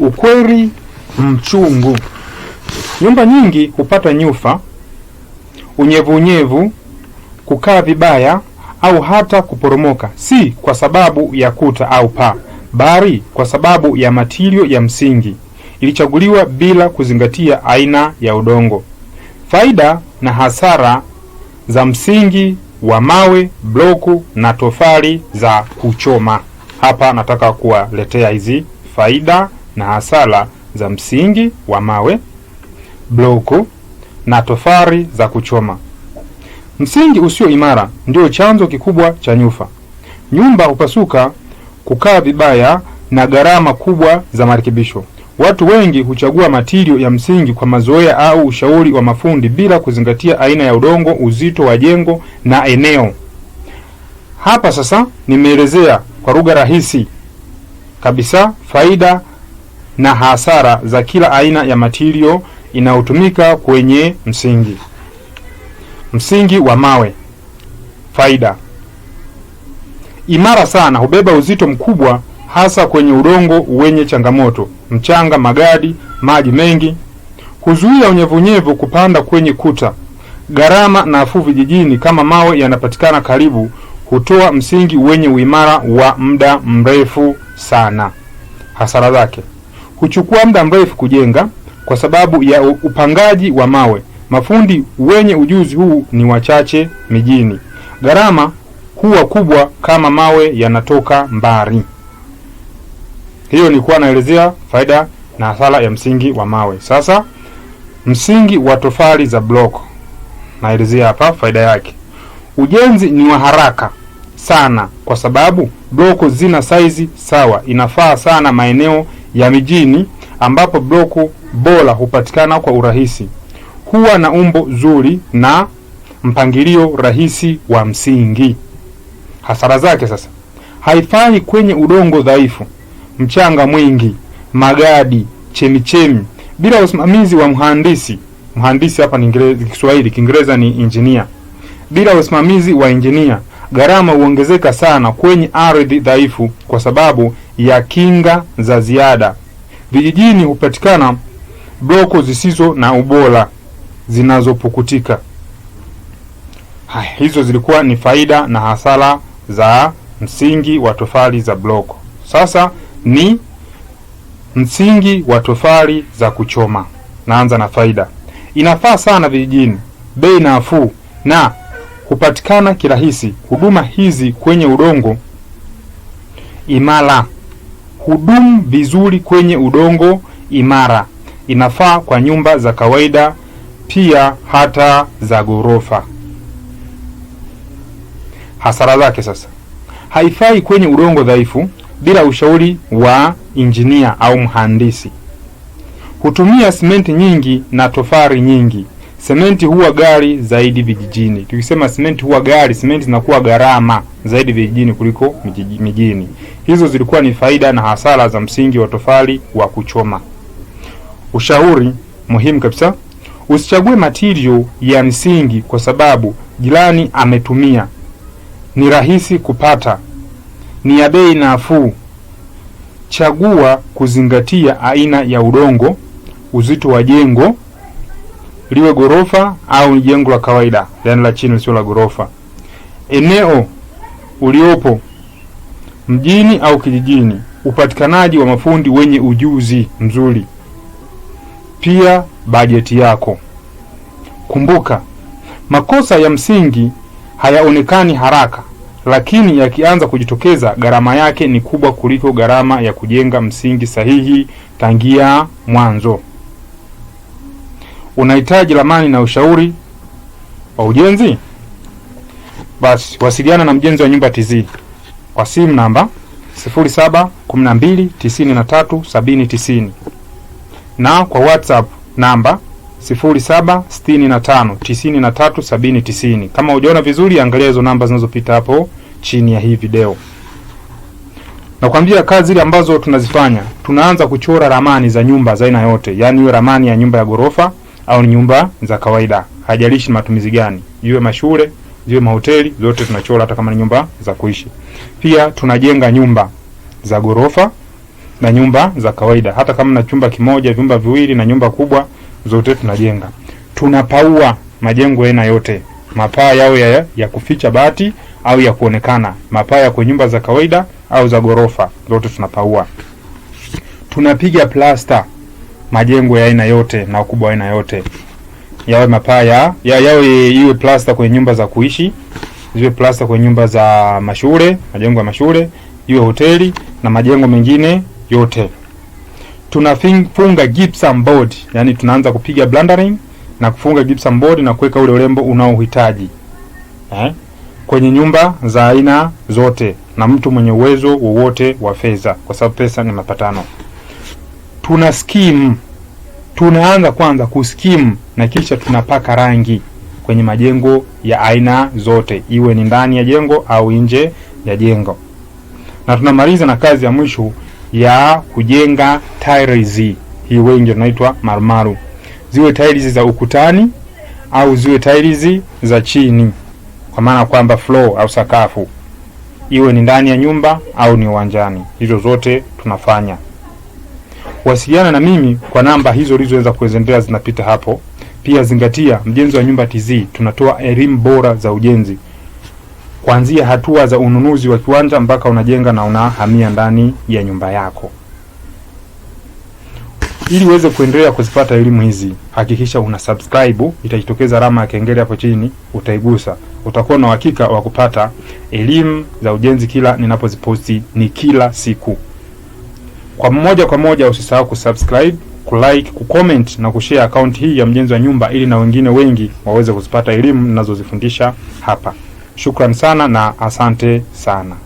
ukweli mchungu. Nyumba nyingi hupata nyufa, unyevunyevu, kukaa vibaya au hata kuporomoka, si kwa sababu ya kuta au paa, bali kwa sababu ya matilio ya msingi ilichaguliwa bila kuzingatia aina ya udongo, faida na hasara za msingi wa mawe, bloku na tofali za kuchoma. Hapa nataka kuwaletea hizi faida na hasala za msingi wa mawe, bloku na tofari za kuchoma. Msingi usio imara ndio chanzo kikubwa cha nyufa. Nyumba hupasuka, kukaa vibaya na gharama kubwa za marekebisho. Watu wengi huchagua matirio ya msingi kwa mazoea au ushauri wa mafundi bila kuzingatia aina ya udongo, uzito wa jengo na eneo. Hapa sasa nimeelezea kwa lugha rahisi kabisa faida na hasara za kila aina ya matirio inayotumika kwenye msingi. Msingi wa mawe. Faida: imara sana, hubeba uzito mkubwa, hasa kwenye udongo wenye changamoto, mchanga, magadi, maji mengi. Huzuia unyevunyevu kupanda kwenye kuta. Gharama nafuu vijijini, kama mawe yanapatikana karibu, hutoa msingi wenye uimara wa muda mrefu sana. Hasara zake huchukua muda mrefu kujenga kwa sababu ya upangaji wa mawe. Mafundi wenye ujuzi huu ni wachache mijini. Gharama huwa kubwa kama mawe yanatoka mbali. Hiyo nilikuwa naelezea faida na hasara ya msingi wa mawe. Sasa msingi wa tofali za block naelezea hapa faida yake. Ujenzi ni wa haraka sana kwa sababu bloko zina saizi sawa, inafaa sana maeneo ya mijini ambapo bloku bora hupatikana kwa urahisi huwa na umbo zuri na mpangilio rahisi wa msingi. Hasara zake sasa, haifai kwenye udongo dhaifu, mchanga mwingi, magadi, chemichemi, bila usimamizi wa mhandisi. Mhandisi hapa ni Kiswahili, Kiingereza ni engineer. Bila usimamizi wa engineer, gharama huongezeka sana kwenye ardhi dhaifu, kwa sababu ya kinga za ziada. Vijijini hupatikana bloko zisizo na ubora zinazopukutika. Hai, hizo zilikuwa ni faida na hasara za msingi wa tofali za bloko. Sasa ni msingi wa tofali za kuchoma. Naanza na faida. Inafaa sana vijijini, bei nafuu na hupatikana kirahisi. Huduma hizi kwenye udongo imara kudumu vizuri kwenye udongo imara. Inafaa kwa nyumba za kawaida pia hata za ghorofa. Hasara zake sasa, haifai kwenye udongo dhaifu bila ushauri wa injinia au mhandisi. Hutumia simenti nyingi na tofari nyingi. Sementi huwa gari zaidi vijijini. Tukisema sementi huwa gari, sementi zinakuwa gharama zaidi vijijini kuliko mijini. Hizo zilikuwa ni faida na hasara za msingi wa tofali wa kuchoma. Ushauri muhimu kabisa, usichague matirio ya msingi kwa sababu jirani ametumia, ni rahisi kupata, ni ya bei nafuu. Chagua kuzingatia aina ya udongo, uzito wa jengo liwe gorofa au ni jengo la kawaida, yani la chini sio la gorofa. Eneo uliopo mjini au kijijini, upatikanaji wa mafundi wenye ujuzi mzuri, pia bajeti yako. Kumbuka, makosa ya msingi hayaonekani haraka, lakini yakianza kujitokeza gharama yake ni kubwa kuliko gharama ya kujenga msingi sahihi tangia mwanzo. Unahitaji ramani na ushauri wa ujenzi? Basi wasiliana na mjenzi wa nyumba TZ kwa simu namba 0712937090 na kwa WhatsApp namba 0765937090. Kama hujaona vizuri, angalia hizo namba zinazopita hapo chini ya hii video. Nakwambia kazi zile ambazo tunazifanya, tunaanza kuchora ramani za nyumba za aina yote, yaani hiyo ramani ya nyumba ya ghorofa au ni nyumba za kawaida, hajalishi matumizi gani, iwe mashule, ziwe mahoteli, zote tunachora, hata kama ni nyumba za kuishi. Pia tunajenga nyumba za gorofa na nyumba za kawaida, hata kama na chumba kimoja, vyumba viwili na nyumba kubwa, zote tunajenga. Tunapaua majengo aina yote, mapaa yao ya, ya kuficha bati au ya kuonekana, mapaa ya kwa nyumba za kawaida au za gorofa, zote tunapaua. Tunapiga plasta majengo ya aina yote na ukubwa wa aina yote, yawe mapaa ya, yawe iwe plasta kwenye nyumba za kuishi, ziwe plasta kwenye nyumba za mashule, majengo ya mashule, iwe hoteli na majengo mengine yote. Tunafunga gypsum board, yani tunaanza kupiga blundering na kufunga gypsum board na kuweka ule urembo unaohitaji eh, kwenye nyumba za aina zote na mtu mwenye uwezo wowote wa fedha, kwa sababu pesa ni mapatano tuna skim tunaanza kwanza kuskim na kisha tunapaka rangi kwenye majengo ya aina zote, iwe ni ndani ya jengo au nje ya jengo, na tunamaliza na kazi ya mwisho ya kujenga tiles, hii wengi tunaitwa marumaru, ziwe tiles za ukutani au ziwe tiles za chini, kwa maana kwamba floor au sakafu, iwe ni ndani ya nyumba au ni uwanjani, hizo zote tunafanya. Wasiliana na mimi kwa namba hizo ulizoweza kuendelea zinapita hapo. Pia zingatia, Mjenzi wa Nyumba TZ tunatoa elimu bora za ujenzi kuanzia hatua za ununuzi wa kiwanja mpaka unajenga na unahamia ndani ya nyumba yako. Ili uweze kuendelea kuzipata elimu hizi, hakikisha una subscribe. Itajitokeza alama ya kengele hapo chini, utaigusa. Utakuwa na uhakika wa kupata elimu za ujenzi kila ninapoziposti, ni kila siku. Kwa moja kwa moja usisahau kusubscribe, kulike, kucomment na kushare akaunti hii ya Mjenzi wa Nyumba ili na wengine wengi waweze kuzipata elimu ninazozifundisha hapa. Shukran sana na asante sana.